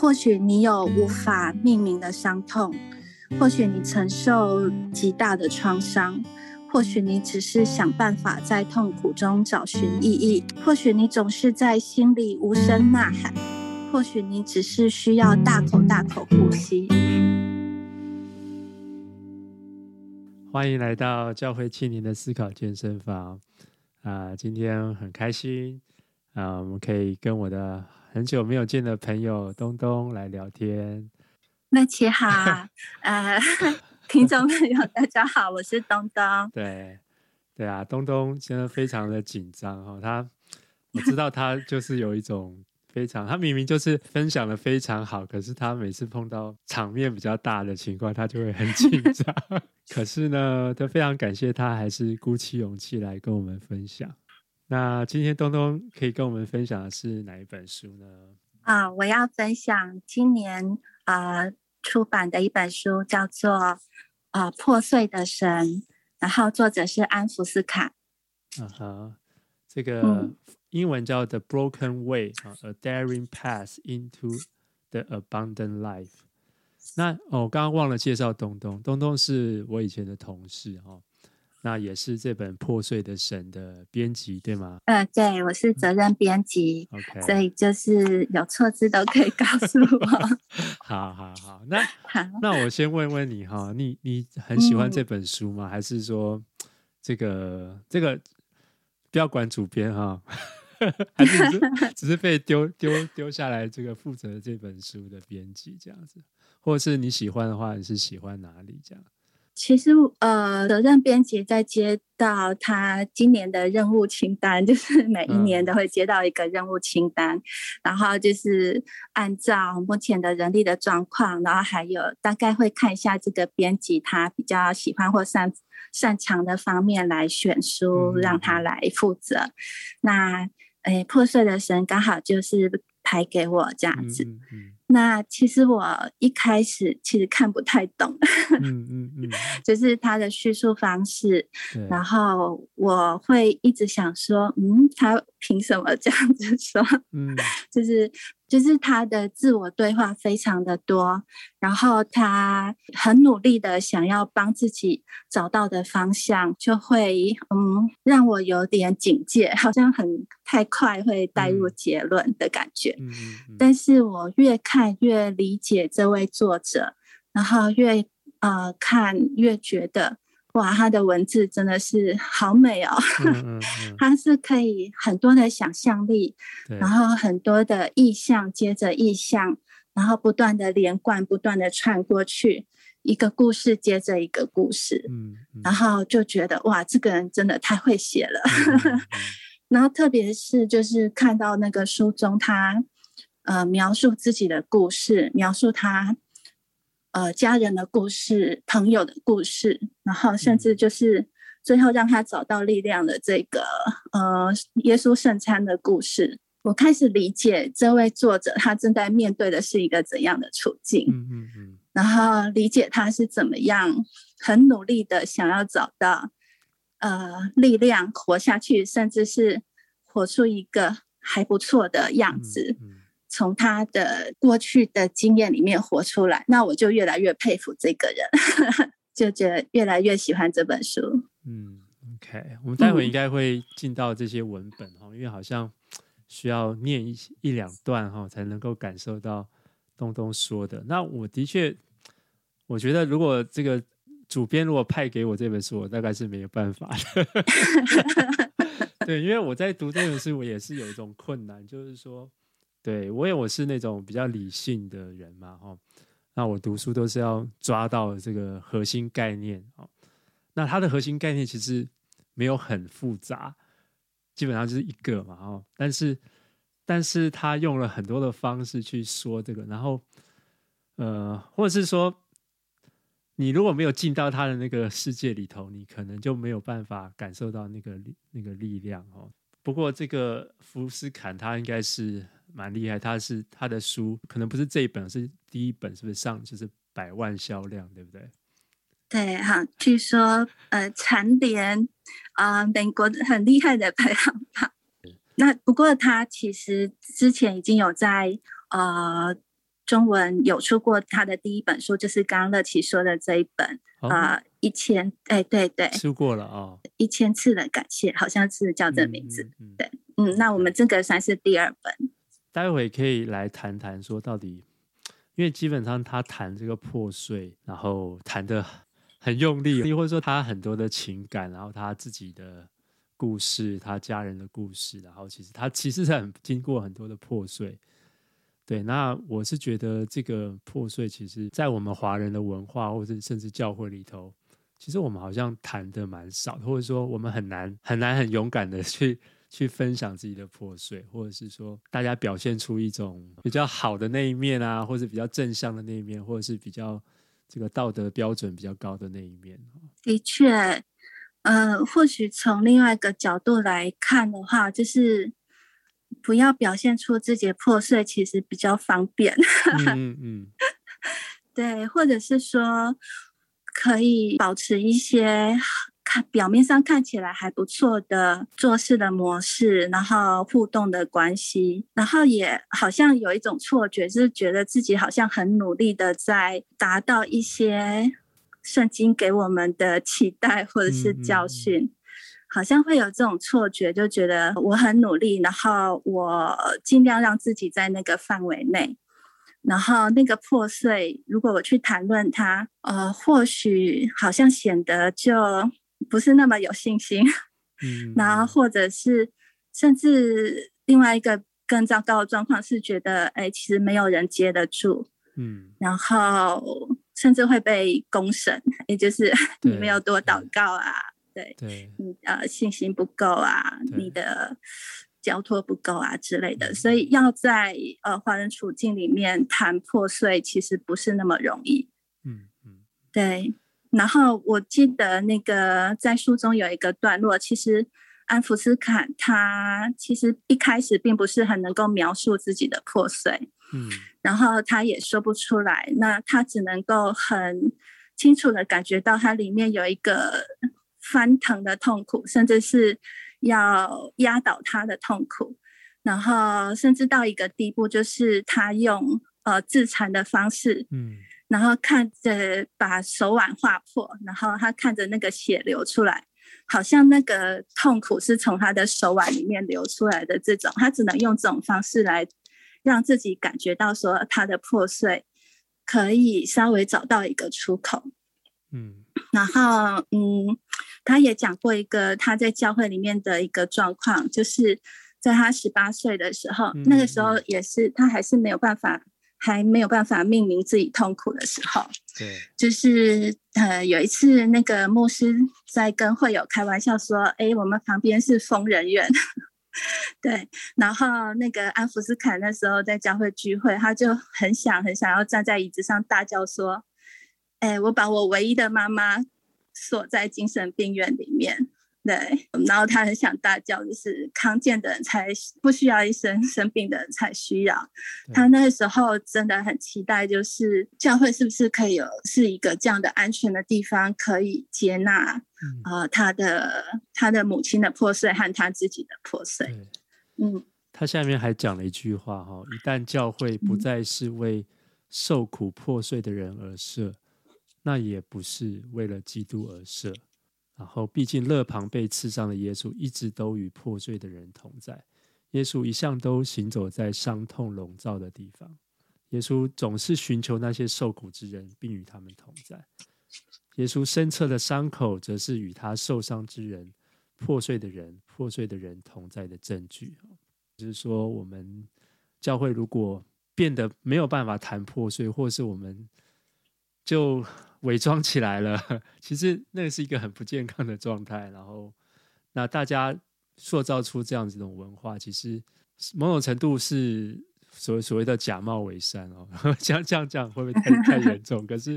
或許你有無法命名的傷痛，或許你承受極大的創傷，或許你只是想辦法在痛苦中找尋意義，或許你總是在心裡無聲吶喊，或許你只是需要大口大口呼吸。歡迎來到教會青年的思考健身房啊、呃！今天很開心啊，我、呃、們可以跟我的。很久沒有見的朋友東東來聊天。麥琪好， 呃，聽眾朋友大家好，我是東東。對，對啊，東東現在非常的緊張哈，他我知道他就是有一種非常， 他明明就是分享的非常好，可是他每次碰到場面比較大的情況，他就會很緊張。 可是呢，他非常感謝他，還是鼓起勇氣來跟我們分享。那今天東東可以跟我們分享的是哪一本書呢？啊，我要分享今年啊出、呃、版的一本書，叫做《啊、呃、破碎的神》，然後作者是安福斯坎。啊哈，這個英文叫《The Broken Way、嗯》啊，《A Daring Path into the Abundant Life》哦。那我剛剛忘了介紹東東，東東是我以前的同事哈、哦。那也是這本破碎的神的編輯，對嗎？嗯、呃，對，我是責任編輯、嗯。OK，所以就是有錯字都可以告訴我。 好好好，那好那我先問問你哈，你你很喜歡這本書嗎？嗯、還是說，這個這個不要管主編哈， 還是只是，只是被丟丢丟下來這個負責這本書的編輯這樣子？或者是你喜歡的話，你是喜歡哪裡這樣？其實，呃，責任編輯在接到他今年的任務清單，就是每一年都會接到一個任務清單，嗯、然後就是按照目前的人力的狀況，然後還有大概會看一下這個編輯他比較喜歡或擅擅長的方面來選書，嗯嗯讓他來負責。那、哎，破碎的神剛好就是排給我這樣子。嗯嗯嗯那其實我一開始其實看不太懂，嗯嗯嗯、 就是他的敘述方式，對然後我會一直想說，嗯，他憑什麼這樣子說？嗯、 就是。就是他的自我對話非常的多，然後他很努力的想要幫自己找到的方向，就會嗯讓我有點警戒，好像很太快會帶入結論的感覺。嗯嗯嗯嗯、但是我越看越理解這位作者，然後越呃看越覺得。哇，他的文字真的是好美哦！嗯嗯嗯 他是可以很多的想象力對然後很多的意象，接着意象，然後不斷的連貫，不斷的串過去，一個故事接着一個故事，嗯嗯然後就覺得哇，這個人真的太會寫了。 然後特別是就是看到那個書中他呃描述自己的故事，描述他。呃，家人的故事，朋友的故事，然後甚至就是最後讓他找到力量的這個呃耶穌聖餐的故事，我開始理解這位作者他正在面對的是一個怎樣的處境，嗯嗯嗯，嗯嗯然後理解他是怎麼樣很努力的想要找到呃力量活下去，甚至是活出一個還不錯的樣子。嗯嗯從他的過去的經驗裡面活出來，那我就越來越佩服這個人，呵呵就覺得越來越喜歡這本書。嗯，OK，我們待會應該會進到這些文本哈，嗯，因為好像需要念一一兩段哈，才能夠感受到東東說的。那我的確，我覺得如果這個主編如果派給我這本書，我大概是沒有辦法的。 對，因為我在讀這本書，我也是有一種困難，就是說。對我，也，我是那種比較理性的人嘛，吼、哦，那我讀書都是要抓到這個核心概念哦。那他的核心概念其實沒有很複雜，基本上就是一個嘛，吼、哦，但是，但是他用了很多的方式去說這個，然後，呃，或者是說，你如果沒有進到他的那個世界裡頭，你可能就沒有辦法感受到那個力，那個力量哦。不過，這個福斯坎他應該是。蠻厲害，他是他的書，可能不是這一本，是第一本，是不是上就是百萬銷量，對不對？對，哈，據說呃，蟬聯啊美國很厲害的排行榜。對那不過他其實之前已經有在啊、呃、中文有出過他的第一本書，就是剛剛樂琪說的這一本啊、哦呃、一千哎對、欸、對，出過了啊、哦、一千次的感謝，好像是叫這名字，嗯嗯嗯、對，嗯，那我們這個算是第二本。待會可以來談談說到底，因為基本上他談這個破碎，然後談得很用力，或者說他很多的情感，然後他自己的故事，他家人的故事，然後其實他其實很經過很多的破碎。對，那我是覺得這個破碎，其實，在我們華人的文化，或者甚至教會裡頭，其實我們好像談得蠻少，或者說我們很難很難很勇敢的去。去分享自己的破碎，或者是說大家表現出一種比較好的那一面啊，或者比較正向的那一面，或者是比較這個道德標準比較高的那一面。的確，呃，或許從另外一個角度來看的話，就是不要表現出自己的破碎，其實比較方便。嗯 嗯。嗯對，或者是說可以保持一些。它表面上看起來還不錯的做事的模式，然後互動的關係，然後也好像有一種錯覺，就是覺得自己好像很努力的在達到一些聖經給我們的期待或者是教訓，嗯嗯。好像會有這種錯覺，就覺得我很努力，然後我盡量讓自己在那個範圍內，然後那個破碎，如果我去談論它，呃，或許好像顯得就。不是那麼有信心，嗯，然後或者是甚至另外一個更糟糕的狀況是覺得，誒，其實沒有人接得住，嗯，然後甚至會被公審，也就是你沒有多禱告啊，對，信心不夠啊，對，你的交托不夠啊之類的，嗯，所以要在呃華人處境裡面談破碎，其實不是那麼容易，嗯嗯，嗯，對。然後我記得那個在書中有一個段落，其實安福斯卡他其實一開始並不是很能夠描述自己的破碎，嗯，然後他也說不出來，那他只能夠很清楚的感覺到它裡面有一個翻騰的痛苦，甚至是要壓倒他的痛苦，然後甚至到一個地步，就是他用呃自殘的方式，嗯。然後看着把手腕劃破，然後他看着那個血流出來，好像那個痛苦是從他的手腕裡面流出來的這種，他只能用這種方式來讓自己感覺到說他的破碎可以稍微找到一個出口。嗯，然後嗯，他也講過一個他在教會裡面的一個狀況，就是在他十八歲的時候，嗯嗯那個時候也是他還是沒有辦法。還沒有辦法命名自己痛苦的時候，對，就是呃有一次那個牧師在跟會友開玩笑說：“哎，我們旁邊是瘋人院。 ”對，然後那個安福斯坎那時候在教會聚會，他就很想很想要站在椅子上大叫說：“哎，我把我唯一的媽媽鎖在精神病院裡面。”對，然後他很想大叫，就是康健，的人才不需要醫生，生病的人才需要。對他那時候真的很期待，就是教會是不是可以有是一個這樣的安全的地方，可以接納，啊、嗯、呃，他的他的母親的破碎和他自己的破碎。對嗯，他下面還講了一句話哈，一旦教會不再是為受苦破碎的人而設，嗯、那也不是為了基督而設。然後，畢竟，肋旁被刺傷的耶穌一直都與破碎的人同在。耶穌一向都行走在傷痛籠罩的地方。耶穌總是尋求那些受苦之人，並與他們同在。耶穌身側的傷口，則是與他受傷之人、破碎的人、破碎的人同在的證據。就是說，我們教會如果變得沒有辦法談破碎，或是我們就。偽裝起來了，其實那個是一個很不健康的狀態。然後，那大家塑造出這樣一種文化，其實某種程度是所謂所謂的假冒偽善哦。像這樣這樣，會不會太太嚴重？ 可是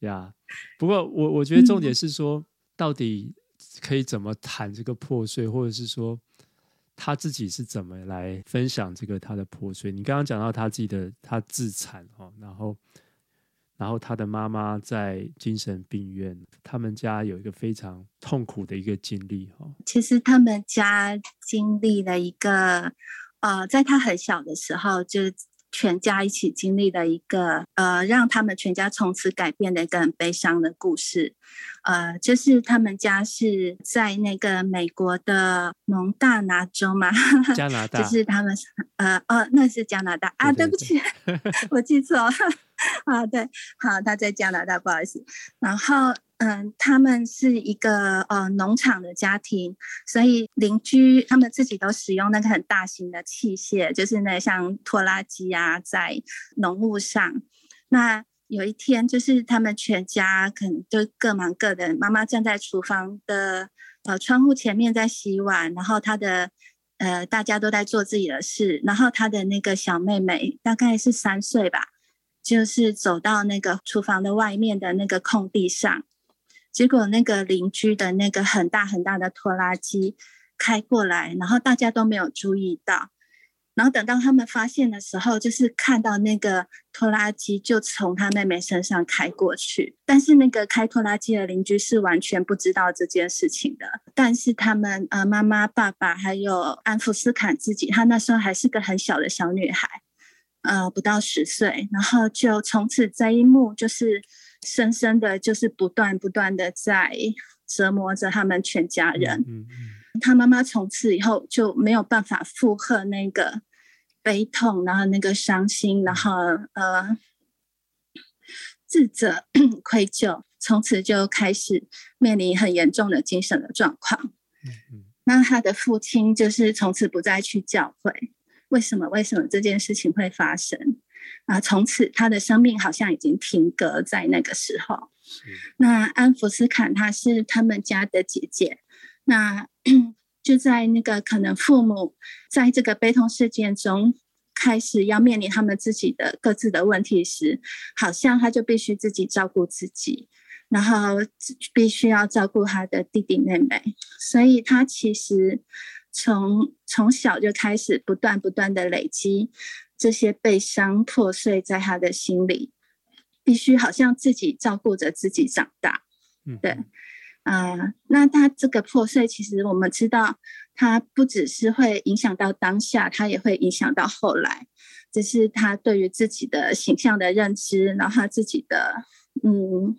呀，Yeah, 不過我我覺得重點是說，到底可以怎麼談這個破碎，或者是說他自己是怎麼來分享這個他的破碎？你剛剛講到他自己的他自殘哈、哦，然後。然後他的媽媽在精神病院，他們家有一個非常痛苦的一個經歷哦。其實他們家經歷了一個，呃，在他很小的時候，就全家一起經歷了一個，呃，讓他們全家從此改變的一個很悲傷的故事。呃，就是他們家是在那個美國的蒙大拿州嘛， 加拿大，就是他們，呃，哦，那是加拿大啊，對，對，對，對不起，我記錯。 啊，對，好，他在加拿大，不好意思。然後，嗯、呃，他們是一個呃農場的家庭，所以鄰居他們自己都使用那個很大型的器械，就是那像拖拉機啊，在農務上。那有一天，就是他們全家可能就各忙各的，媽媽站在廚房的呃窗戶前面在洗碗，然後他的呃大家都在做自己的事，然後他的那個小妹妹大概是三歲吧。就是走到那個廚房的外面的那個空地上，結果那個鄰居的那個很大很大的拖拉機開過來，然後大家都沒有注意到。然後等到他們發現的時候，就是看到那個拖拉機就從他妹妹身上開過去。但是那個開拖拉機的鄰居是完全不知道這件事情的。但是他們，呃，媽媽、爸爸還有安福斯坎自己，她那時候還是個很小的小女孩。呃，不到十歲，然後就從此這一幕就是深深的就是不斷不斷的在折磨着他們全家人。嗯嗯，嗯嗯，他媽媽從此以後就沒有辦法負荷那個悲痛，然後那個傷心，然後呃自責、 愧疚，從此就開始面臨很嚴重的精神的狀況。嗯嗯，嗯，那他的父親就是從此不再去教會。為什麼？為什麼這件事情會發生？啊，從此他的生命好像已經停格在那個時候是。那安福斯坎她是他們家的姐姐，那就在那個可能父母在這個悲痛事件中開始要面臨他們自己的各自的問題時，好像他就必須自己照顧自己，然後必須要照顧他的弟弟妹妹，所以他其實。從從小就開始不斷不斷的累積，這些悲傷破碎在他的心裡，必須好像自己照顧着自己長大。嗯、哼對，啊、呃，那他這個破碎，其實我們知道，他不只是會影響到當下，他也會影響到後來，只是他對於自己的形象的認知，然後他自己的，嗯。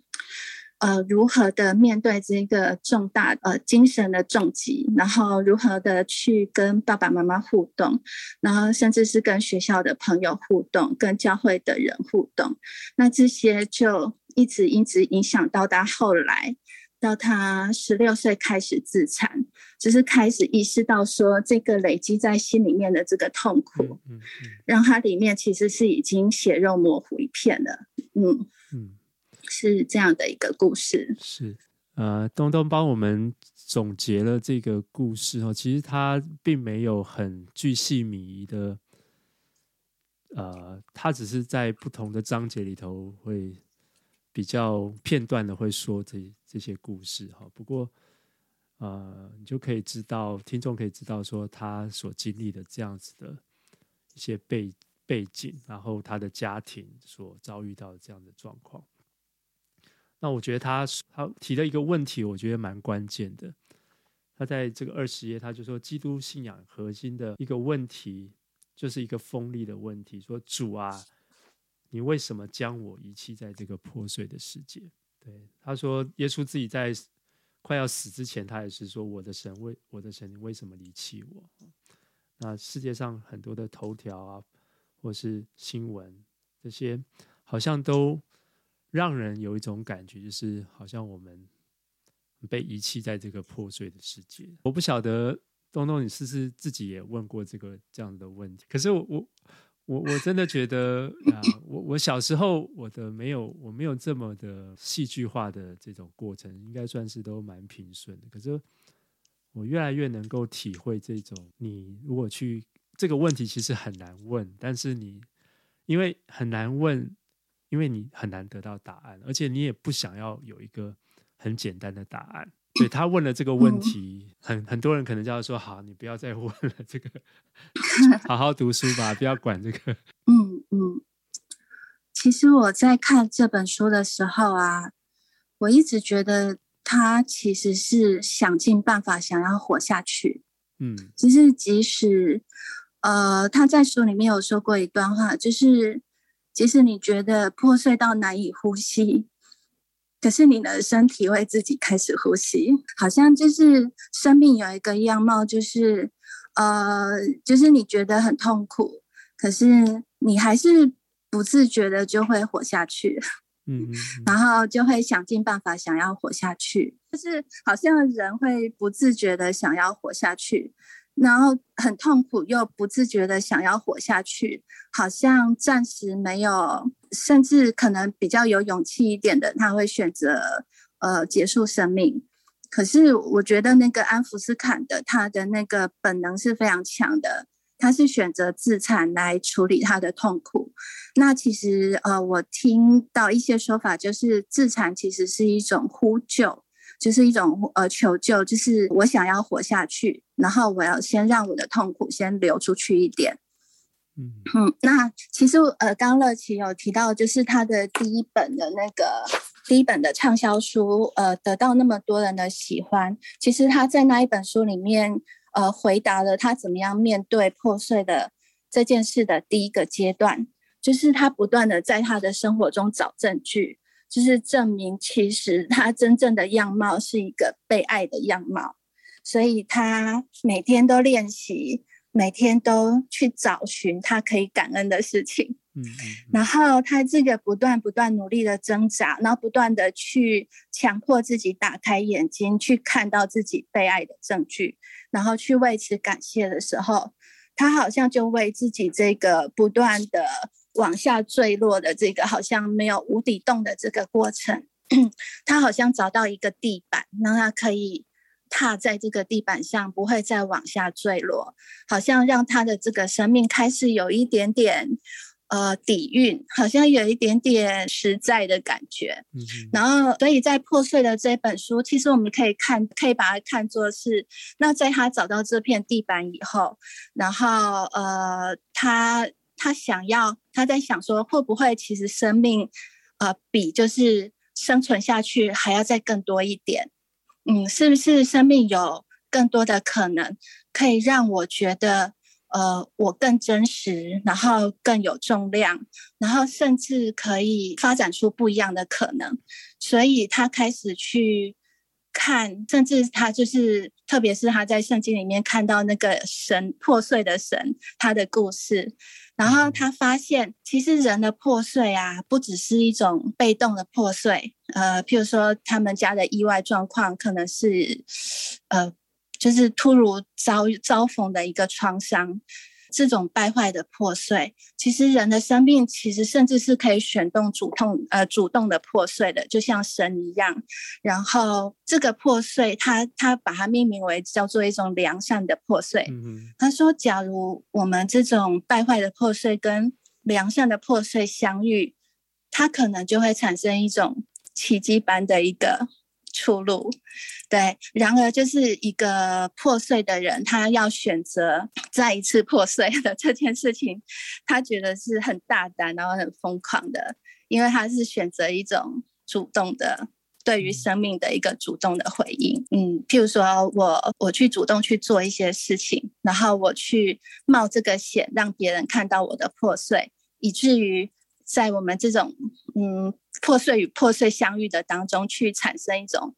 呃，如何的面對這個重大呃精神的重疾，然後如何的去跟爸爸媽媽互動，然後甚至是跟學校的朋友互動、跟教會的人互動，那這些就一直一直影響到他後來，到他十六歲開始自殘，只是開始意識到說這個累積在心裡面的這個痛苦，嗯，嗯嗯，然後它裡面其實是已經血肉模糊一片了，嗯嗯。是這樣的一個故事，是呃，東東幫我們總結了這個故事哦。其實他並沒有很巨細靡遺的，呃，他只是在不同的章節裡頭會比較片段的會說這這些故事哈。不過，呃，你就可以知道聽眾可以知道說他所經歷的這樣子的一些背背景，然後他的家庭所遭遇到的這樣的狀況。那我覺得他他提的一個問題，我覺得蠻關鍵的。他在這個二十頁，他就說基督信仰核心的一個問題，就是一個鋒利的問題，說主啊，你為什麼將我遺棄在這個破碎的世界？對，他說耶穌自己在快要死之前，他也是說我的神為我的神，你為什麼離棄我？那世界上很多的頭條啊，或是新聞這些，好像都。讓人有一種感覺，就是好像我們被遺棄在這個破碎的世界。我不曉得東東，你是不是自己也問過這個這樣的問題？可是我我我我真的覺得啊，我我小時候我的沒有我沒有這麼的戲劇化的這種過程，應該算是都蠻平順的。可是我越來越能夠體會這種，你如果去，這個問題其實很難問，但是你因為很難問。因為你很難得到答案，而且你也不想要有一個很簡單的答案。所以他問了這個問題，嗯、很很多人可能就要說：“好，你不要再問了，這個好好讀書吧， 不要管這個。嗯”嗯嗯，其實我在看這本書的時候啊，我一直覺得他其實是想盡辦法想要活下去。嗯，其實即使呃，他在書裡面有說過一段話，就是。即使你覺得破碎到難以呼吸，可是你的身體會自己開始呼吸。好像就是生命有一個樣貌，就是，呃，就是你覺得很痛苦，可是你還是不自覺的就會活下去。嗯，嗯，嗯，然後就會想盡辦法想要活下去，就是好像人會不自覺的想要活下去。然後很痛苦，又不自覺的想要活下去，好像暫時沒有，甚至可能比較有勇氣一點的，他會選擇呃結束生命。可是我覺得那個安福斯坎的，他的那個本能是非常強的，他是選擇自殘來處理他的痛苦。那其實呃，我聽到一些說法，就是自殘其實是一種呼救。就是一種呃求救，就是我想要活下去，然後我要先讓我的痛苦先流出去一點。嗯，嗯，那其實呃，剛樂琪有提到，就是他的第一本的那個第一本的暢銷書，呃，得到那麼多人的喜歡。其實他在那一本書裡面，呃，回答了他怎麼樣面對破碎的這件事的第一個階段，就是他不斷的在他的生活中找證據。就是證明，其實他真正的樣貌是一個被愛的樣貌，所以他每天都練習，每天都去找尋他可以感恩的事情。嗯，然後他這個不斷、不斷努力的掙扎，然後不斷的去強迫自己打開眼睛，去看到自己被愛的證據，然後去為此感謝的時候，他好像就為自己這個不斷的。往下墜落的這個好像沒有無底洞的這個過程， 他好像找到一個地板，讓他可以踏在這個地板上，不會再往下墜落。好像讓他的這個生命開始有一點點呃底蘊，好像有一點點實在的感覺。嗯哼，然後所以在破碎的這本書，其實我們可以看，可以把它看作是，那在他找到這片地板以後，然後呃，他他想要。他在想說，會不會其實生命，呃，比就是生存下去還要再更多一點？嗯，是不是生命有更多的可能，可以讓我覺得，呃，我更真實，然後更有重量，然後甚至可以發展出不一樣的可能。所以他開始去。看，甚至他就是，特別是他在聖經裡面看到那個神，破碎的神，他的故事，然後他發現，其實人的破碎啊，不只是一種被動的破碎，呃，譬如說他們家的意外狀況，可能是呃，就是突如遭遭逢的一個創傷。這種敗壞的破碎，其實人的生命，其實甚至是可以選動主動，呃，主動的破碎的，就像神一樣。然後這個破碎，他它，它把它命名為叫做一種良善的破碎。嗯哼。他說，假如我們這種敗壞的破碎跟良善的破碎相遇，它可能就會產生一種奇蹟般的一個。出路，對。然而，就是一個破碎的人，他要選擇再一次破碎的這件事情，他覺得是很大膽，然後很瘋狂的，因為他是選擇一種主動的，對於生命的一個主動的回應。嗯，譬如說我，我去主動去做一些事情，然後我去冒這個險，讓別人看到我的破碎，以至於。在我們這種嗯破碎與破碎相遇的當中，去產生一種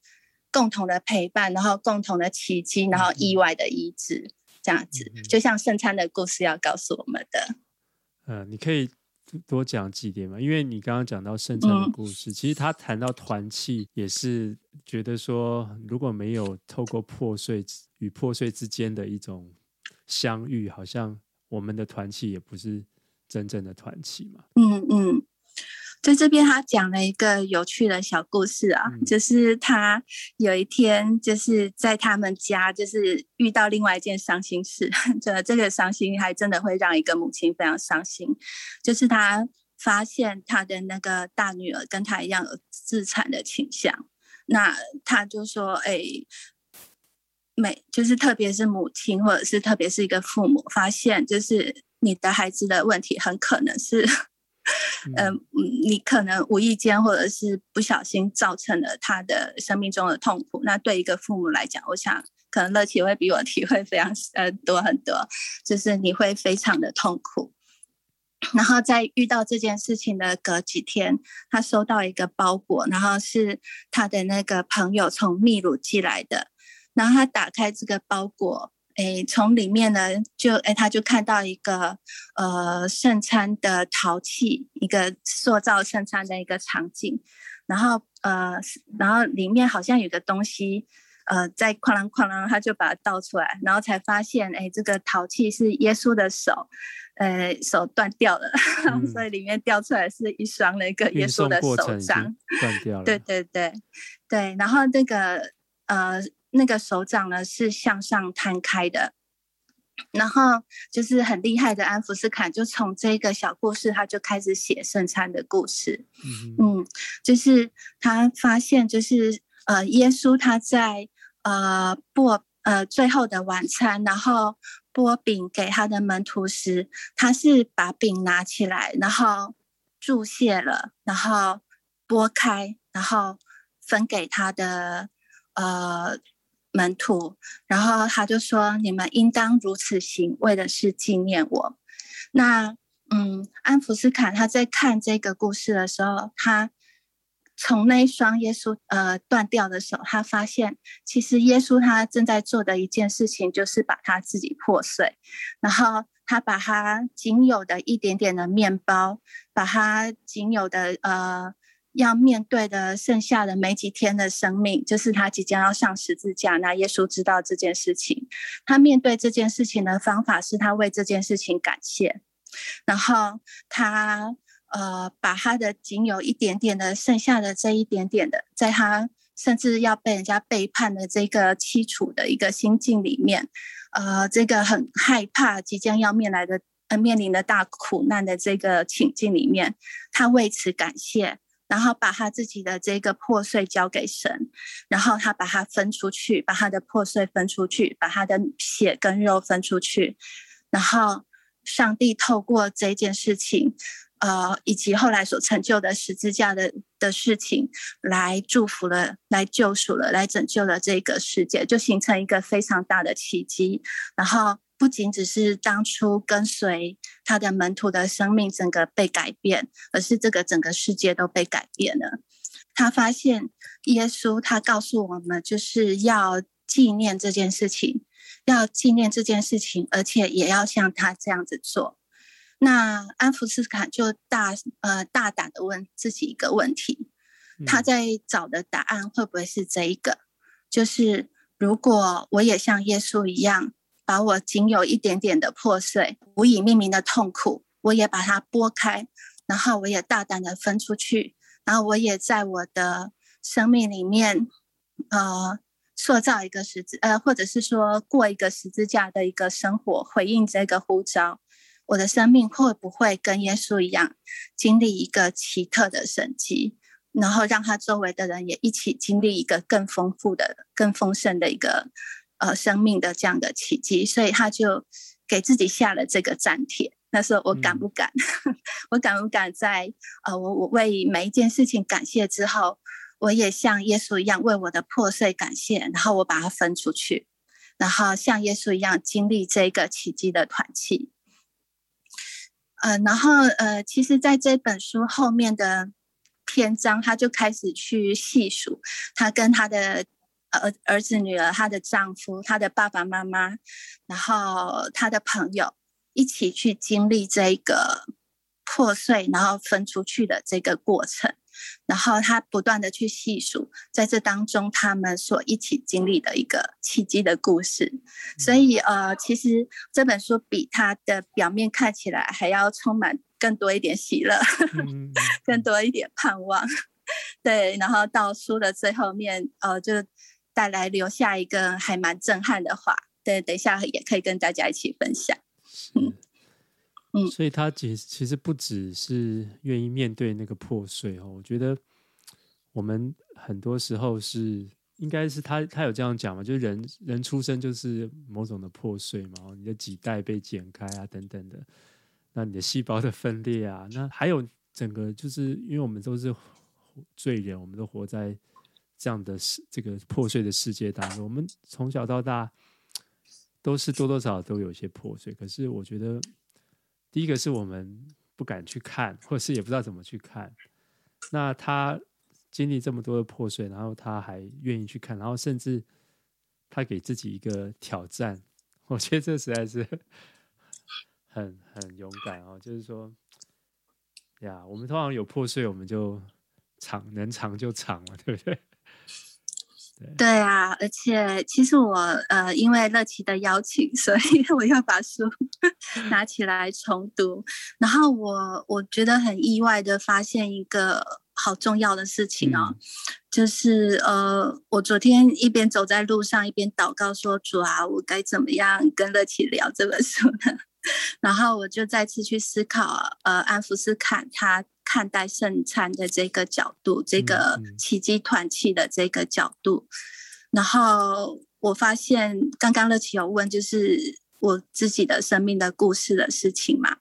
共同的陪伴，然後共同的奇蹟，然後意外的醫治、嗯、這樣子，嗯嗯、就像聖餐的故事要告訴我們的。嗯、呃，你可以多講幾點嘛，因為你剛剛講到聖餐的故事，嗯、其實他談到團契，也是覺得說，如果沒有透過破碎與破碎之間的一種相遇，好像我們的團契也不是。真正的團體嘛，嗯？嗯嗯，在這邊他講了一個有趣的小故事啊，嗯、就是他有一天就是在他們家，就是遇到另外一件傷心事。這這個傷心還真的會讓一個母親非常傷心，就是他發現他的那個大女兒跟他一樣有自殘的傾向。那他就說：“哎，欸，每就是特別是母親，或者是特別是一個父母，發現就是。”你的孩子的問題很可能是，嗯、呃，你可能無意間或者是不小心造成了他的生命中的痛苦。那對一個父母來講，我想可能樂琪會比我體會非常呃多很多，就是你會非常的痛苦。然後在遇到這件事情的隔幾天，他收到一個包裹，然後是他的那個朋友從秘魯寄來的，然後他打開這個包裹。哎，從裡面呢，就誒他就看到一個呃聖餐的陶器，一個塑造聖餐的一個場景，然後呃，然後裡面好像有個東西呃在哐啷哐啷，他就把它倒出來，然後才發現哎，這個陶器是耶穌的手，呃，手斷掉了，嗯、 所以裡面掉出來是一雙那個耶穌的手掌，斷掉了。 對對對對，然後那個呃。那個手掌呢是向上攤開的，然後就是很厲害的安福斯坎就從這個小故事，他就開始寫聖餐的故事。嗯，哼嗯，就是他發現，就是呃，耶穌他在呃擘呃最後的晚餐，然後擘餅給他的門徒時，他是把餅拿起來，然後祝謝了，然後擘開，然後分給他的呃。門徒，然後他就說：“你們應當如此行，為的是紀念我。”那，嗯，安．福斯坎他在看這個故事的時候，他從那一雙耶穌呃斷掉的手，他發現其實耶穌他正在做的一件事情，就是把他自己破碎，然後他把他僅有的一點點的麵包，把他僅有的呃。要面對的剩下的沒幾天的生命，就是他即將要上十字架。那耶穌知道這件事情，他面對這件事情的方法是他為這件事情感謝。然後他呃，把他的僅有一點點的剩下的這一點點的，在他甚至要被人家背叛的這個淒楚的一個心境裡面，呃，這個很害怕即將要面臨的呃面臨的大苦難的這個情境裡面，他為此感謝。然後把他自己的這個破碎交給神，然後他把它分出去，把他的破碎分出去，把他的血跟肉分出去，然後上帝透過這件事情，呃，以及後來所成就的十字架的的事情，來祝福了，來救贖了，來拯救了這個世界，就形成一個非常大的奇蹟。然後。不僅只是當初跟隨他的門徒的生命整個被改變，而是這個整個世界都被改變了。他發現耶穌，他告訴我們就是要紀念這件事情，要紀念這件事情，而且也要像他這樣子做。那安福斯卡安福斯坎就大呃大膽的問自己一個問題，他在找的答案會不會是這一個？嗯、就是如果我也像耶穌一樣。把我僅有一點點的破碎，無以命名的痛苦，我也把它剝開，然後我也大膽的分出去，然後我也在我的生命裡面，呃，塑造一個十字，呃，或者是說過一個十字架的一個生活，回應這個呼召。我的生命會不會跟耶穌一樣，經歷一個奇特的神蹟，然後讓他周圍的人也一起經歷一個更豐富的、更豐盛的一個呃，生命的這樣的奇蹟，所以他就給自己下了這個戰帖。他說：“我敢不敢？嗯、 我敢不敢在呃，我我為每一件事情感謝之後，我也像耶穌一樣為我的破碎感謝，然後我把它分出去，然後像耶穌一樣經歷這個奇蹟的團契。呃”嗯，然後呃，其實在這本書後面的篇章，他就開始去細數他跟他的。呃，兒子、女兒、她的丈夫、她的爸爸媽媽，然後她的朋友一起去經歷這個破碎，然後分出去的這個過程。然後她不斷地去細數，在這當中他們所一起經歷的一個奇蹟的故事。嗯、所以，呃，其實這本書比它的表面看起來還要充滿更多一點喜樂，嗯、 更多一點盼望。嗯、 對，然後到書的最後面，呃，就。再來留下一個還蠻震撼的話，對，等一下也可以跟大家一起分享。嗯是嗯，所以他其其實不只是願意面對那個破碎哦，我覺得我們很多時候是，應該是他他有這樣講嘛，就是人人出生就是某種的破碎嘛，你的臍帶被剪開啊，等等的，那你的細胞的分裂啊，那還有整個就是因為我們都是罪人，我們都活在。這樣的世，這個破碎的世界當中，我們從小到大都是多多少少都有一些破碎。可是我覺得，第一個是我們不敢去看，或是也不知道怎麼去看。那他經歷這麼多的破碎，然後他還願意去看，然後甚至他給自己一個挑戰，我覺得這實在是很很勇敢哦。就是說，呀，我們通常有破碎，我們就藏，能藏就藏了，對不對？對，對啊，而且其實我呃，因為樂奇的邀請，所以我要把書拿起來重讀。然後我我覺得很意外的發現一個好重要的事情哦，嗯、就是呃，我昨天一邊走在路上，一邊禱告說：“主啊，我該怎麼樣跟樂奇聊這本書呢？”然後我就再次去思考呃，安福斯坎他。看待聖餐的這個角度，這個奇蹟團契的這個角度，嗯嗯、然後我發現剛剛樂琪有問，就是我自己的生命的故事的事情嘛。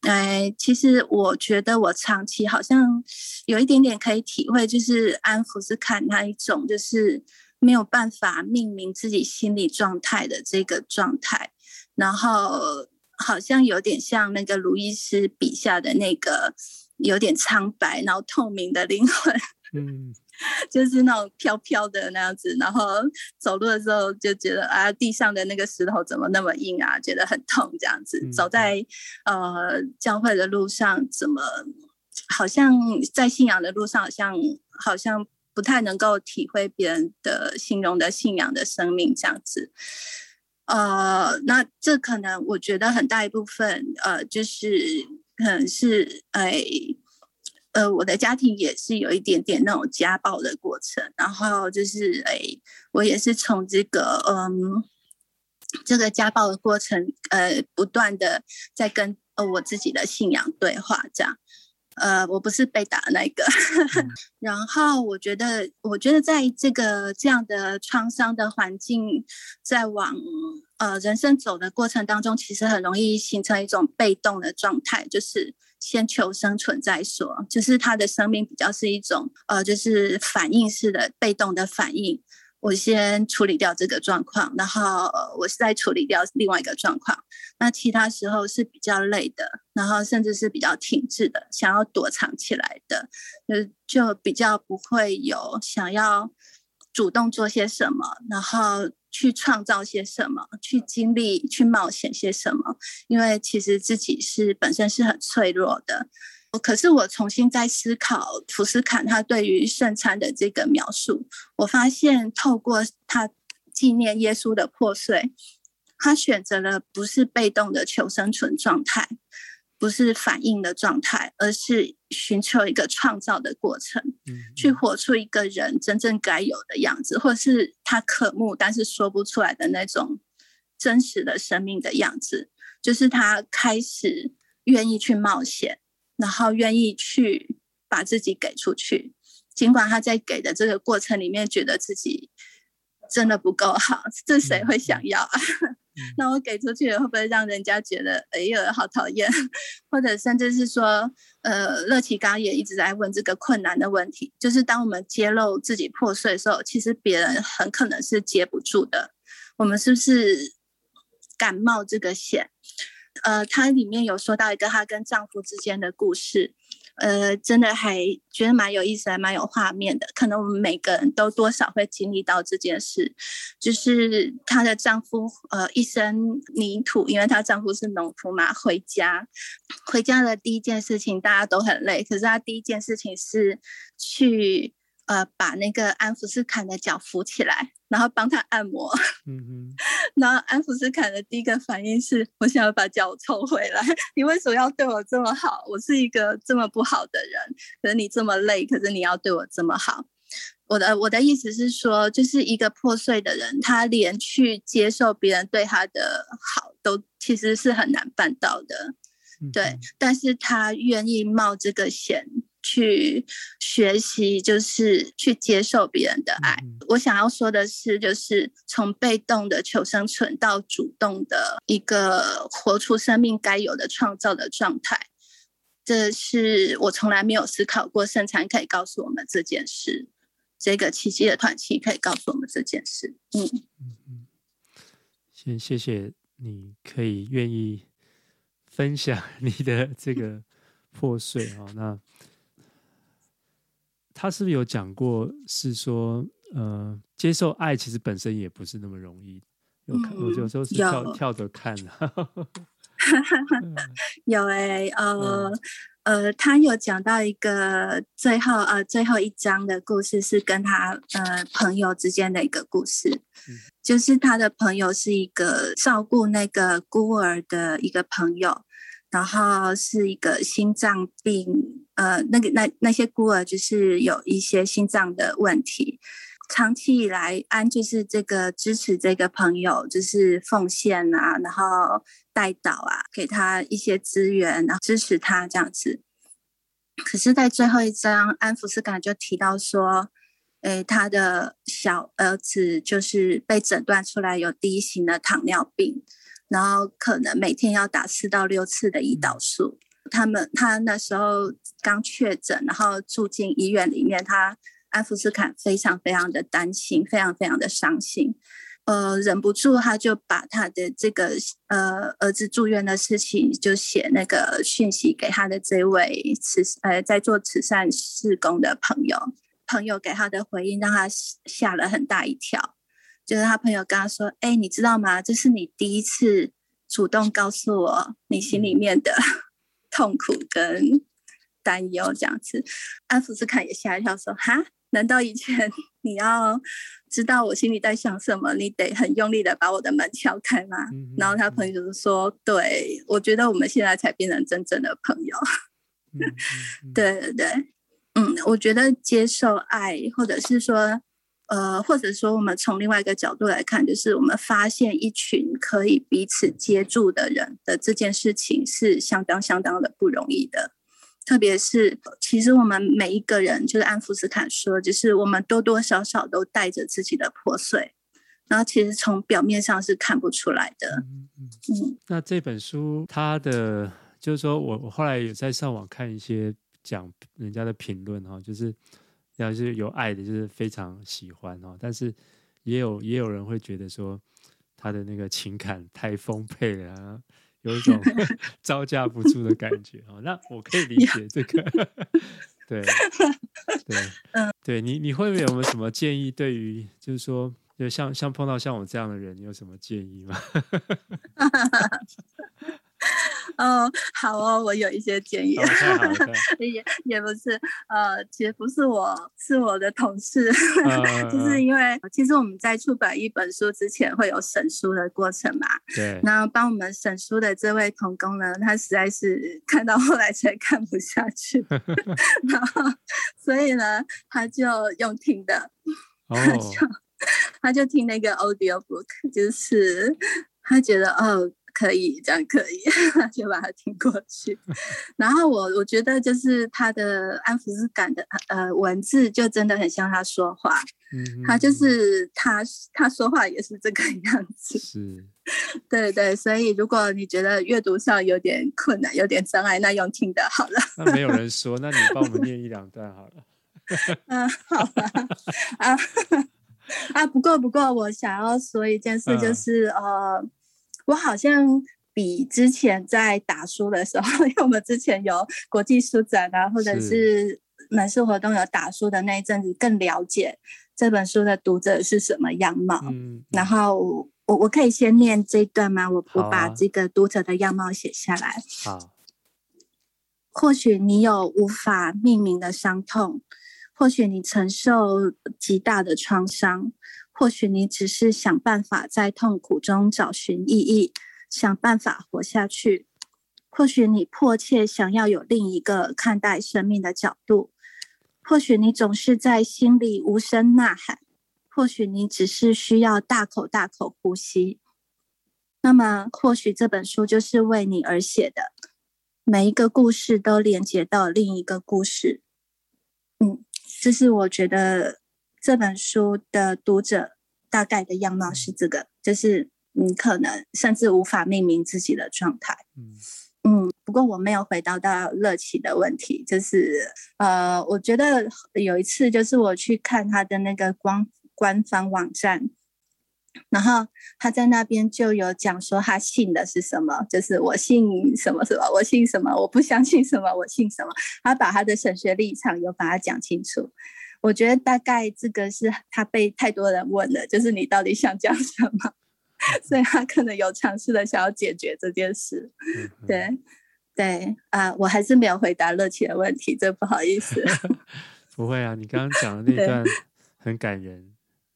哎，其實我覺得我長期好像有一點點可以體會，就是安福斯坎那一種，就是沒有辦法命名自己心理狀態的這個狀態，然後好像有點像那個魯益師筆下的那個。有點蒼白，然後透明的靈魂，嗯， 就是那種飄飄的那樣子。然後走路的時候就覺得啊，地上的那個石頭怎麼那麼硬啊，覺得很痛這樣子。嗯、走在呃教會的路上，怎麼好像在信仰的路上，好像好像不太能夠體會別人的形容的信仰的生命這樣子。呃，那這可能我覺得很大一部分呃就是。嗯，是哎，呃，我的家庭也是有一點點那種家暴的過程，然後就是哎，我也是從這個嗯，這個家暴的過程，呃，不斷的在跟呃我自己的信仰對話，這樣，呃，我不是被打那個、 嗯，然後我覺得，我覺得在這個這樣的創傷的環境，在往。呃，人生走的過程當中，其實很容易形成一種被動的狀態，就是先求生存再說，就是他的生命比較是一種呃，就是反應式的被動的反應。我先處理掉這個狀況，然後，呃，我再處理掉另外一個狀況。那其他時候是比較累的，然後甚至是比較停滯的，想要躲藏起來的，呃，就比較不會有想要主動做些什麼，然後。去創造些什麼，去經歷，去冒險些什麼？因為其實自己是本身是很脆弱的。可是我重新在思考福斯坎他對於聖餐的這個描述，我發現透過他紀念耶穌的破碎，他選擇了不是被動的求生存狀態，不是反應的狀態，而是尋求一個創造的過程，嗯嗯、去活出一個人真正該有的樣子，或是他渴慕，但是說不出來的那種真實的生命的樣子。就是他開始願意去冒險，然後願意去把自己給出去，儘管他在給的這個過程裡面覺得自己真的不夠好，是誰會想要？嗯嗯 嗯、那我給出去了，會不會讓人家覺得哎呀好討厭？或者甚至是說，呃，樂琪剛剛也一直在問這個困難的問題，就是當我們揭露自己破碎的時候，其實別人很可能是接不住的。我們是不是敢冒這個險？呃，它裡面有說到一個她跟丈夫之間的故事。呃，真的還覺得蠻有意思，還蠻有畫面的。可能我們每個人都多少會經歷到這件事，就是她的丈夫，呃，一身泥土，因為她丈夫是農夫嘛。回家，回家的第一件事情，大家都很累，可是她第一件事情是去。呃，把那個安福斯坎的腳扶起來，然後幫他按摩。嗯嗯哼，然後安福斯坎的第一個反應是：我想要把腳抽回來。 你為什麼要對我這麼好？我是一個這麼不好的人，可是你這麼累，可是你要對我這麼好。我的我的意思是說，就是一個破碎的人，他連去接受別人對他的好，都其實是很難辦到的。嗯、哼對，但是他願意冒這個險。去學習，就是去接受別人的愛。嗯、我想要說的是，就是從被動的求生存到主動的一個活出生命該有的創造的狀態。這是我從來沒有思考過，聖餐可以告訴我們這件事，這個奇蹟的團契可以告訴我們這件事。嗯嗯，先謝謝你可以願意分享你的這個破碎啊、哦，嗯、那。他是不是有講過？是說，呃，接受愛其實本身也不是那麼容易的，嗯、有有有時候是跳有跳着看的。 有哎、欸，呃、嗯、呃，他有講到一個最後呃最後一章的故事，是跟他呃朋友之間的一個故事，嗯、就是他的朋友是一個照顧那個孤兒的一個朋友。然後是一個心臟病，呃，那個那那些孤兒就是有一些心臟的問題，長期以來安就是這個支持這個朋友就是奉獻啊，然後代禱啊，給他一些資源，然後支持他這樣子。可是，在最後一章，安福斯坎就提到說，呃，他的小兒子就是被診斷出來有第一型的糖尿病。然後可能每天要打四到六次的胰島素。他們他那時候剛確診，然後住進醫院裡面，他安福斯坎非常非常的擔心，非常非常的傷心，呃，忍不住他就把他的這個呃兒子住院的事情就寫那個訊息給他的這位慈呃在做慈善事工的朋友，朋友給他的回應讓他嚇了很大一跳。就是他朋友跟他說：“哎、欸，你知道嗎？這是你第一次主動告訴我你心裡面的痛苦跟擔憂這樣子。Mm ”安、hmm. 啊、福斯卡也嚇一跳，說：“哈，難道以前你要知道我心裡在想什麼，你得很用力的把我的門敲開嗎？” mm hmm. 然後他朋友就說：“ mm hmm. 對，我覺得我們現在才變成真正的朋友。 mm ” hmm. 對對對，嗯，我覺得接受愛，或者是說。呃，或者說，我們從另外一個角度來看，就是我們發現一群可以彼此接住的人的這件事情是相當相當的不容易的，特別是其實我們每一個人，就是安福斯坎說，就是我們多多少少都帶着自己的破碎，然後其實從表面上是看不出來的。嗯，嗯嗯那這本書它的就是說我我後來也在上網看一些講人家的評論哈，就是。但是有愛的，就是非常喜歡哦。但是也有也有人會覺得說，他的那個情感太豐沛了啊，有一種招架不住的感覺哦。那我可以理解這個， 對對對，你你會不會有沒有什麼建議？對於就是說，就像像碰到像我這樣的人，你有什麼建議嗎？ 嗯，oh, 好哦，我有一些建議，okay, okay. 也也不是，呃，其實不是我，是我的同事， 就是因為 oh, oh, oh. 其實我們在出版一本書之前會有審書的過程嘛，對，Yeah. 然後幫我們審書的這位同工呢，他實在是看到後來才看不下去， 然後所以呢，他就用聽的，他就、oh. 他就聽那個 audiobook，就是他覺得哦。可以，這樣可以就把它聽過去。然後我我覺得就是他的安撫感的呃文字，就真的很像他說話。他就是他他說話也是這個樣子。是，對對，所以如果你覺得閱讀上有點困難、有點障礙，那用聽的好了。那沒有人說， 那你幫我念一兩段好了。嗯、 啊，好吧。啊 啊，不過不過，我想要說一件事，就是、嗯、呃。我好像比之前在打書的時候，因為我們之前有國際書展啊，或者是門市活動有打書的那一陣子，是更了解這本書的讀者是什麼樣貌。嗯嗯、然後我我可以先念這一段嗎？我、啊、我把這個讀者的樣貌寫下來。好，或許你有無法命名的傷痛，或許你承受極大的創傷。或許你只是想辦法在痛苦中找尋意義，想辦法活下去；或許你迫切想要有另一個看待生命的角度；或許你總是在心裡無聲吶喊；或許你只是需要大口大口呼吸。那麼，或許這本書就是為你而寫的。每一個故事都連接到另一個故事。嗯，這是我覺得。這本書的讀者大概的樣貌是這個，就是你可能甚至無法命名自己的狀態。嗯，嗯，不過我沒有回答到樂奇的問題，就是呃，我覺得有一次就是我去看他的那個官官方網站，然後他在那邊就有講說他信的是什麼，就是我信什麼什麼，我信什麼，我信什麼，我不相信什麼，我信什麼。他把他的神學立場有把它講清楚。我覺得大概這個是他被太多人問了，就是你到底想講什麼？ 所以他可能有嘗試的想要解決這件事。嗯、哼對，對，啊、呃，我還是沒有回答樂奇的問題，真不好意思。 不會啊，你剛剛講的那一段很感人。對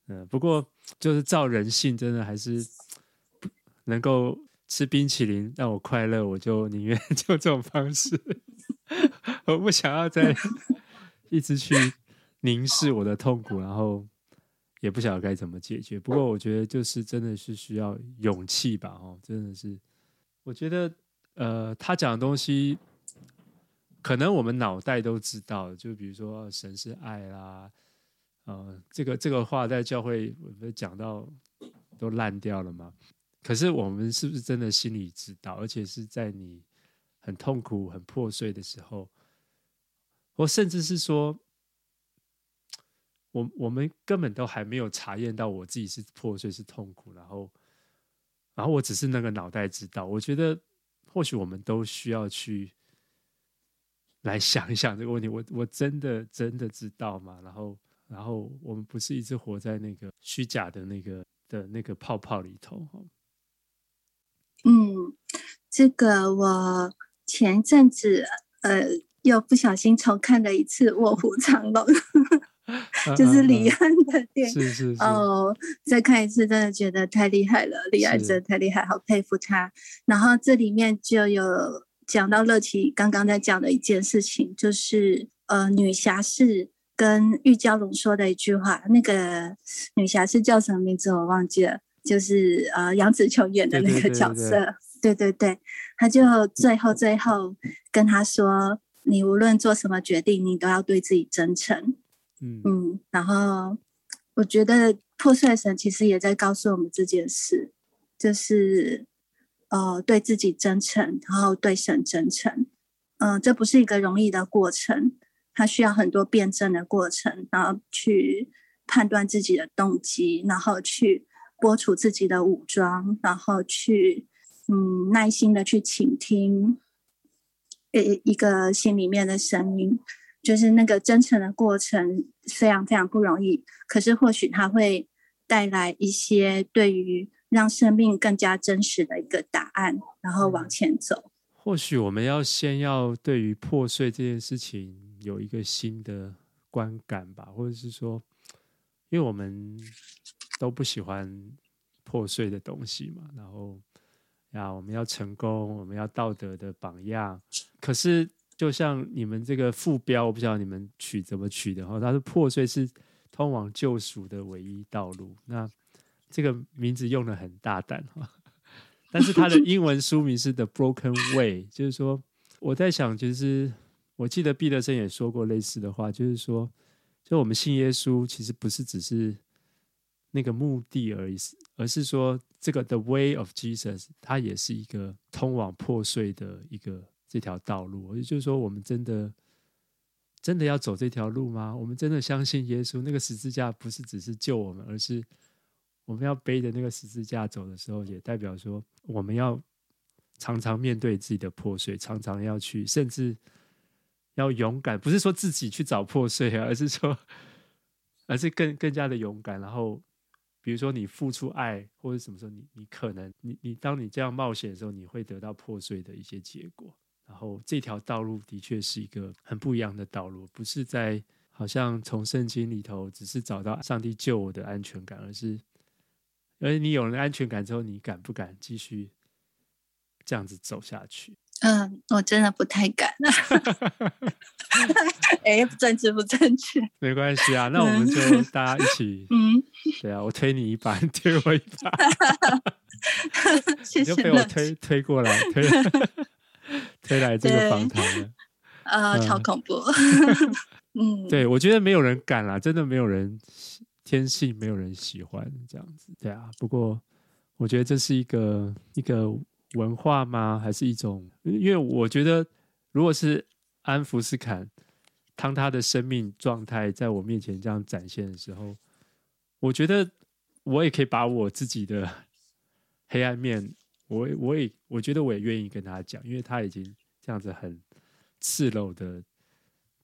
嗯，不過就是照人性，真的還是能夠吃冰淇淋讓我快樂，我就寧願就這種方式。 我不想要再一直去。凝視我的痛苦，然後也不曉得該怎麼解決。不過我覺得，就是真的是需要勇氣吧，哦，真的是。我覺得，呃，他講的東西，可能我們腦袋都知道，就比如說神是愛啦、啊，呃，這個這個話在教會我講到都爛掉了嗎？可是我們是不是真的心裡知道？而且是在你很痛苦、很破碎的時候，或甚至是說。我我們根本都還沒有查驗到我自己是破碎、是痛苦，然後，然後我只是那個腦袋知道。我覺得或許我們都需要去來想一想這個問題，我我真的真的知道嗎？然後，然後我們不是一直活在那個虛假的那個的那個泡泡裡頭？嗯，這個我前陣子呃又不小心重看了一次《臥虎藏龍》。 就是李安的電影，嗯嗯、哦，再看一次真的覺得太厲害了，李安真的太厲害，好佩服他。是然後這裡面就有講到樂琪剛剛在講的一件事情，就是呃，女俠士跟玉嬌龍說的一句話，那個女俠士叫什麼名字我忘記了，就是呃楊紫瓊演的那個角色，對，對對對，他就最後最後跟他說，你無論做什麼決定，你都要對自己真誠。嗯，然後我覺得破碎神其實也在告訴我們這件事，就是呃，對自己真誠，然後對神真誠。嗯、呃，這不是一個容易的過程，它需要很多辯證的過程，然後去判斷自己的動機，然後去播出自己的武裝，然後去嗯耐心的去傾聽，一個心裡面的聲音。就是那個真誠的過程，非常非常不容易。可是或許它會帶來一些對於讓生命更加真實的一個答案，然後往前走。嗯，或許我們要先要對於破碎這件事情有一個新的觀感吧，或者是說，因為我們都不喜歡破碎的東西嘛。然後呀、啊，我們要成功，我們要道德的榜樣，可是。就像你們這個副標，我不知道你們取怎麼取的哈，它是破碎是通往救贖的唯一道路。那這個名字用的很大膽哈，但是它的英文書名是《The Broken Way》，就是說我在想，就是我記得畢德生也說過類似的話，就是說，就我們信耶穌，其實不是只是那個目的而已，而是說這個 The Way of Jesus，它也是一個通往破碎的一個。這條道路，也就是說，我們真的真的要走這條路嗎？我們真的相信耶穌，那個十字架不是只是救我們，而是我們要背着那個十字架走的時候，也代表說我們要常常面對自己的破碎，常常要去，甚至要勇敢。不是說自己去找破碎啊，而是說，而是更更加的勇敢。然後，比如說你付出愛，或者什麼時候你你可能你你當你這樣冒險的時候，你會得到破碎的一些結果。然後這條道路的確是一個很不一樣的道路，不是在好像從聖經裡頭只是找到上帝救我的安全感，而是，而你有了安全感之後，你敢不敢繼續這樣子走下去？嗯，我真的不太敢、啊。哎， 正確不正確？沒關係啊，那我們就大家一起，嗯，對啊，我推你一把，推我一把， 謝謝你就被我推，謝謝推過來，推。 飛來這個訪談呢？超、呃嗯、恐怖。嗯， 對我覺得沒有人敢啦，真的沒有人，天性沒有人喜歡這樣子。對啊，不過我覺得這是一個一個文化嗎？還是一種？因為我覺得，如果是安福斯坎，當他的生命狀態在我面前這樣展現的時候，我覺得我也可以把我自己的黑暗面。我我也,我,也我覺得我也願意跟他講，因為他已經這樣子很赤裸的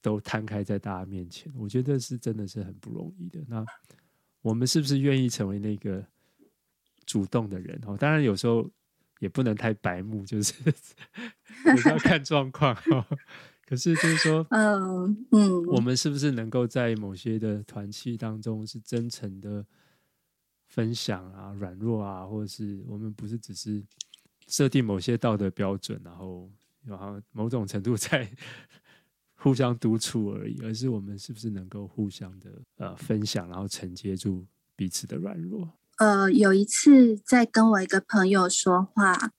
都攤開在大家面前，我覺得是真的是很不容易的。那我們是不是願意成為那個主動的人？哦，當然有時候也不能太白目，就是要看狀況哈。 可是就是說，嗯嗯，我們是不是能夠在某些的團契當中是真誠的？分享啊，軟弱啊，或是我們不是只是設定某些道德標準，然後然後某種程度在互相督促而已，而是我們是不是能夠互相的、呃、分享，然後承接住彼此的軟弱？呃，有一次在跟我一個朋友說話，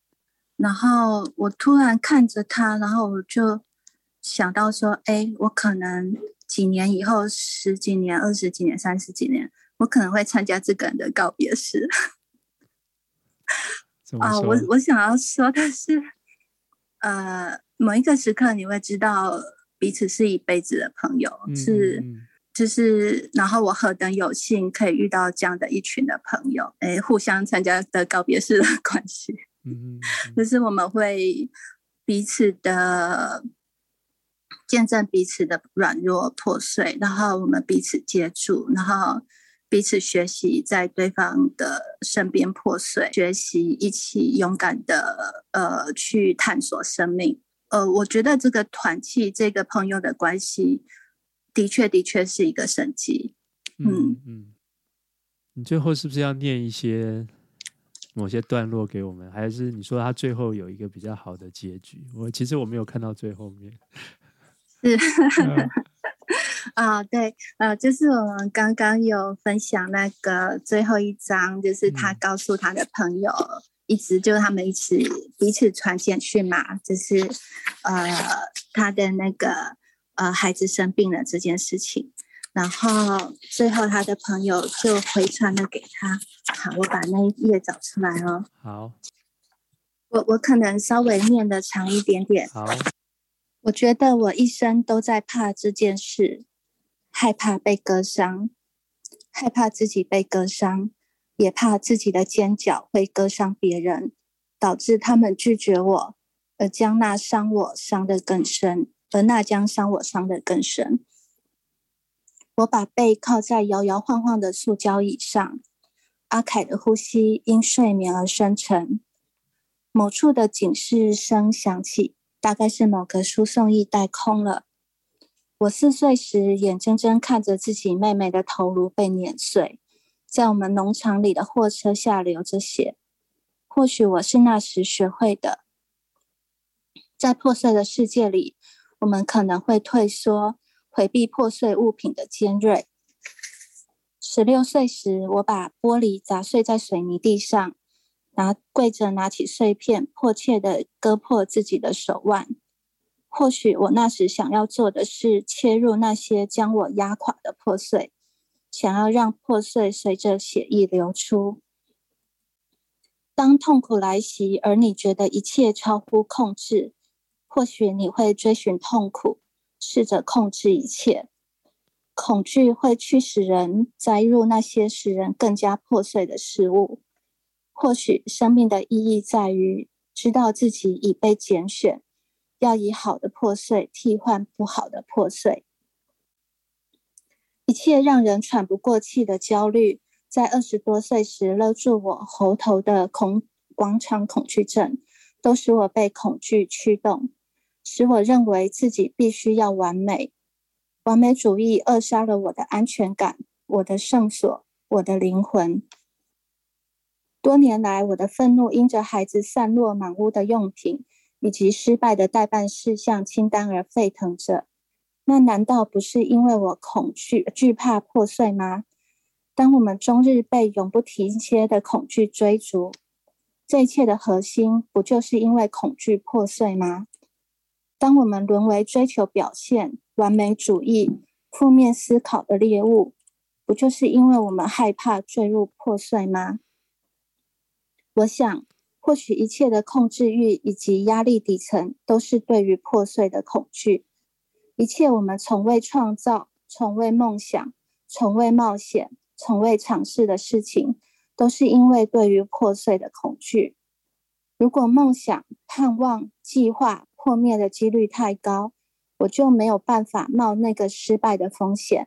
然後我突然看着他，然後我就想到說，哎，我可能幾年以後，十幾年、二十幾年、三十幾年。我可能會參加這個人的告別式。啊，我我想要說的是，呃，某一個時刻你會知道彼此是一輩子的朋友，嗯嗯嗯，是就是，然後我何等有幸可以遇到這樣的一群的朋友，哎、欸，互相參加的告別式的關係，嗯，嗯，嗯，就是我們會彼此的見證彼此的軟弱破碎，然後我們彼此接觸，然後。彼此學習，在對方的身邊破碎學習，一起勇敢的呃去探索生命。呃，我覺得這個團契，這個朋友的關係，的確的確，的確是一個神蹟。嗯嗯、嗯，你最後是不是要念一些某些段落給我們？還是你說他最後有一個比較好的結局？我其實我沒有看到最後面。是。 啊，oh, 對，呃，就是我們剛剛有分享那個最後一張，就是他告訴他的朋友，嗯、一直就他們一起，一直彼此傳簡訊嘛，就是，呃，他的那個呃孩子生病了這件事情，然後最後他的朋友就回傳了給他。好，我把那一頁找出來哦。好。我我可能稍微念得長一點點。好。我覺得我一生都在怕這件事。害怕被割傷，害怕自己被割傷，也怕自己的尖角會割傷別人，導致他們拒絕我，而將那傷我傷得更深，而那將傷我傷得更深。我把背靠在搖搖晃晃的塑膠椅上，阿凱的呼吸因睡眠而深沉，某處的警示聲響起，大概是某個輸送液帶空了。我四歲時，眼睜睜看着自己妹妹的頭顱被碾碎，在我們農場裡的貨車下流着血。或許我是那時學會的，在破碎的世界裡，我們可能會退縮，回避破碎物品的尖銳。十六歲時，我把玻璃砸碎在水泥地上，拿跪着拿起碎片，迫切地割破自己的手腕。或許我那時想要做的是切入那些將我壓垮的破碎，想要讓破碎隨着血液流出。當痛苦來襲，而你覺得一切超乎控制，或許你會追尋痛苦，試着控制一切。恐懼會驅使人栽入那些使人更加破碎的事物。或許生命的意義在於知道自己已被揀選。要以好的破碎替換不好的破碎，一切讓人喘不過氣的焦慮，在二十多歲時勒住我喉頭的恐廣場恐懼症，都使我被恐懼驅動，使我認為自己必須要完美。完美主義扼殺了我的安全感、我的聖所、我的靈魂。多年來，我的憤怒因着孩子散落滿屋的用品。以及失敗的待辦事項清單而沸騰着，那難道不是因為我恐懼，懼怕破碎嗎？當我們終日被永不停歇的恐懼追逐，這一切的核心不就是因為恐懼破碎嗎？當我們淪為追求表現、完美主義、負面思考的獵物，不就是因為我們害怕墜入破碎嗎？我想。或許一切的控制欲以及壓力底層，都是對於破碎的恐懼。一切我們從未創造、從未夢想、從未冒險、從未嘗試的事情，都是因為對於破碎的恐懼。如果夢想、盼望、計劃破滅的幾率太高，我就沒有辦法冒那個失敗的風險。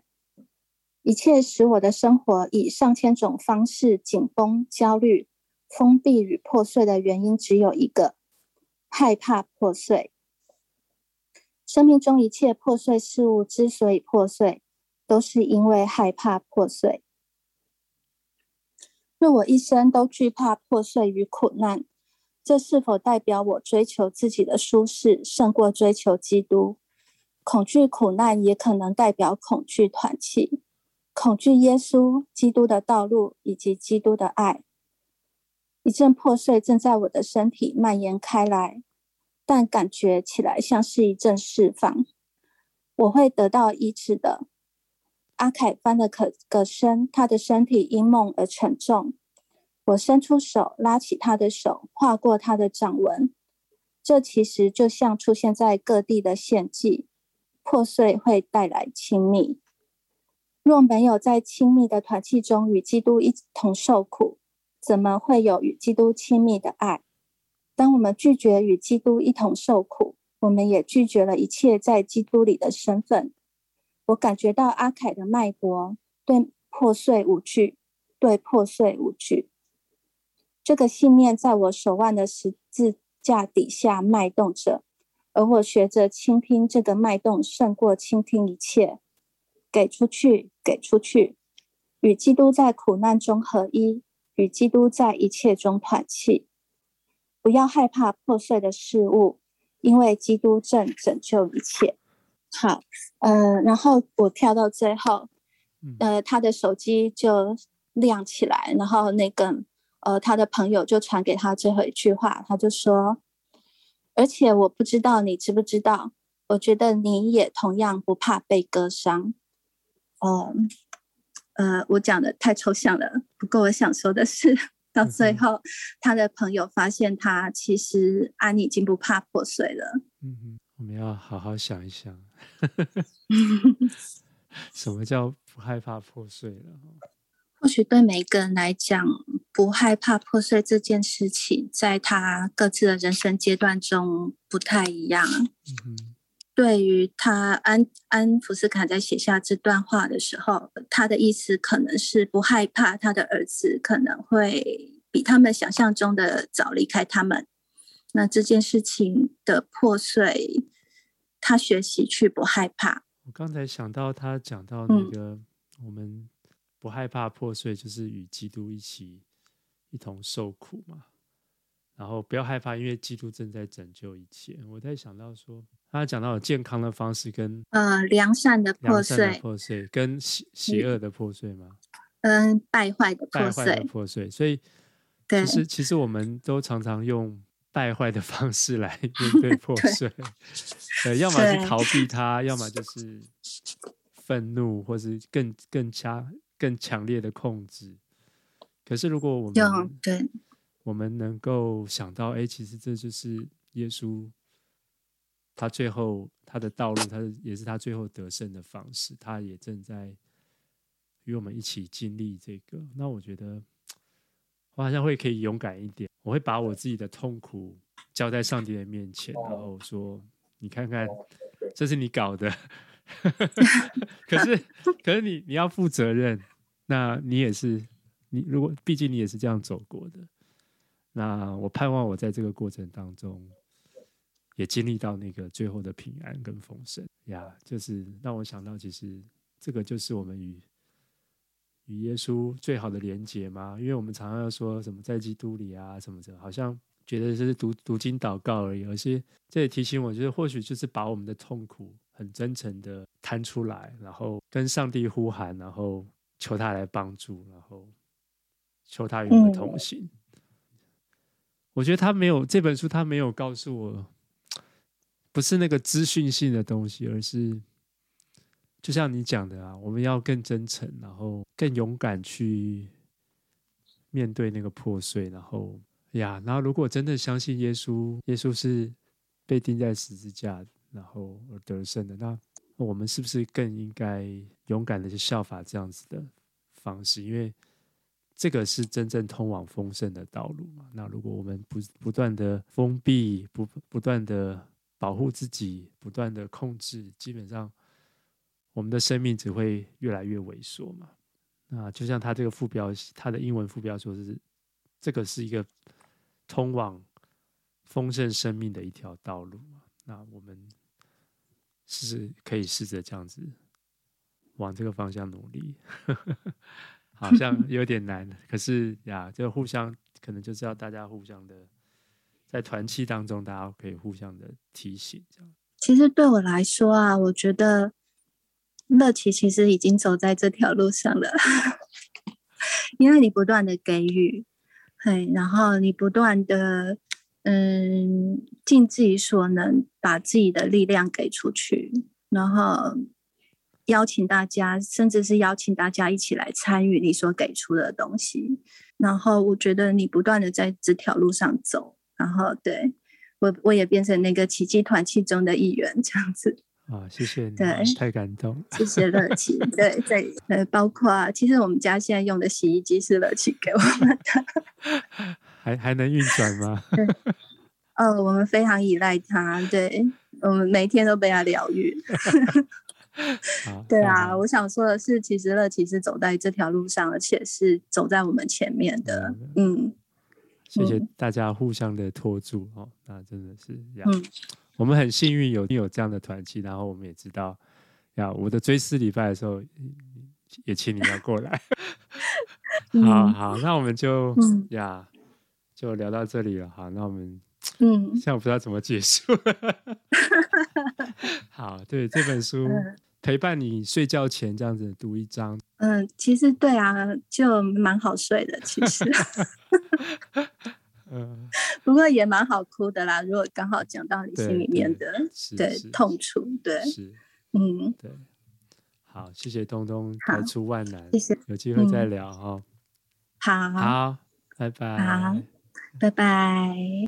一切使我的生活以上千種方式緊繃、焦慮。封閉與破碎的原因只有一個：害怕破碎。生命中一切破碎事物之所以破碎，都是因為害怕破碎。若我一生都懼怕破碎與苦難，這是否代表我追求自己的舒適勝過追求基督？恐懼苦難也可能代表恐懼團契，恐懼耶穌、基督的道路以及基督的愛。一陣破碎正在我的身體蔓延開來，但感覺起來像是一陣釋放。我會得到醫治的。阿凱翻了個身，他的身體因夢而沉重。我伸出手，拉起他的手，劃過他的掌紋。這其實就像出現在各地的獻祭。破碎會帶來親密。若沒有在親密的團契中與基督一同受苦，怎麼會有與基督親密的愛？當我們拒絕與基督一同受苦，我們也拒絕了一切在基督裡的身份。我感覺到阿凱的脈搏，對破碎無懼，對破碎無懼。這個信念在我手腕的十字架底下脈動着，而我學着傾聽這個脈動，勝過傾聽一切。給出去，給出去，與基督在苦難中合一。與基督在一切中團契，不要害怕破碎的事物，因為基督正拯救一切。好，呃，然後我跳到最後，呃，他的手機就亮起來，然後那個，呃，他的朋友就傳給他最後一句話，他就說：“而且我不知道你知不知道，我覺得你也同樣不怕被割傷。呃”嗯。呃，我講的太抽象了。不過我想說的是，到最後，嗯哼，他的朋友發現他其實安妮、啊、已經不怕破碎了。嗯哼，我們要好好想一想， 什麼叫不害怕破碎了、啊？或許對每個人來講，不害怕破碎這件事情，在他各自的人生階段中不太一樣。嗯哼。對於他安安福斯坎在寫下這段話的時候，他的意思可能是不害怕他的兒子可能會比他們想象中的早離開他們。那這件事情的破碎，他學習去不害怕。我剛才想到他講到那個，我們不害怕破碎，就是與基督一起一同受苦嘛。然後不要害怕，因為基督正在拯救一切。我在想到，說他講到有健康的方式跟，呃良善、良善的破碎，跟邪邪惡的破碎嘛，嗯，敗壞的破碎，敗壞的破碎。所以對其實其實我們都常常用敗壞的方式來面對破碎， 對呃，要麼是逃避他，對要麼就是憤怒，或是更更加更強烈的控制。可是如果我們對。我們能夠想到，哎，其實這就是耶穌，他最後他的道路，他也是他最後得勝的方式。他也正在與我們一起經歷這個。那我覺得，我好像會可以勇敢一點。我會把我自己的痛苦交在上帝的面前，然後說：“你看看，這是你搞的。 ”可是，可是你你要負責任。那你也是，你如果畢竟你也是這樣走過的。那我盼望我在這個過程當中，也經歷到那個最後的平安跟豐盛呀。Yeah, 就是讓我想到，其實這個就是我們與與耶穌最好的連結嘛。因為我們常常要說什麼在基督裡啊什麼的，好像覺得這是讀讀經禱告而已。而是這也提醒我，就是或許就是把我們的痛苦很真誠的攤出來，然後跟上帝呼喊，然後求他來幫助，然後求他與我們同行。嗯我覺得他沒有這本書，他沒有告訴我，不是那個資訊性的東西，而是就像你講的啊，我們要更真誠，然後更勇敢去面對那個破碎，然後、哎、呀，然後如果真的相信耶穌，耶穌是被釘在十字架，然後而得勝的，那我們是不是更應該勇敢的去效法這樣子的方式？因為這個是真正通往豐盛的道路。那如果我們不不斷的封閉、不不斷的保護自己、不斷的控制，基本上我們的生命只會越來越萎縮嘛？那就像他這個副標，它的英文副標說是這個是一個通往豐盛生命的一條道路。那我們是可以試着這樣子往這個方向努力。 好像有點難， 可是呀，就互相可能就是要大家互相的在團契當中，大家可以互相的提醒這樣。其實對我來說啊，我覺得樂琪其實已經走在這條路上了， 因為你不斷的給予，然後你不斷的嗯，盡自己所能把自己的力量給出去，然後。邀請大家，甚至是邀請大家一起來參與你所給出的東西。然後，我覺得你不斷的在這條路上走，然後對我，我也變成那個奇蹟團其中的一員，這樣子。啊、哦，謝謝你，對太感動。謝謝樂奇， 對對，包括其實我們家現在用的洗衣機是樂器給我們的， 還還能運轉嗎？ 對、哦，我們非常依賴它，對，我們每天都被它療癒。 好對啊，嗯、我想說的是，其實樂其是走在這條路上，而且是走在我們前面的。的嗯，謝謝大家互相的托住、嗯、哦，那真的是嗯，我們很幸運有有這樣的團契，然後我們也知道呀。我的追思禮拜的時候、嗯，也請你要過來。 好好，那我們就、嗯、呀，就聊到這裡了。好，那我們嗯，現在不知道怎麼結束 好，對這本書。嗯陪伴你睡覺前這樣子讀一章，嗯，其實對啊，就蠻好睡的，其實，嗯，不過也蠻好哭的啦。如果剛好講到你心裡面的，對痛處，對，嗯，對，好，謝謝東東，排除萬難，謝謝，有機會再聊哦，好，好，拜拜，好，拜拜。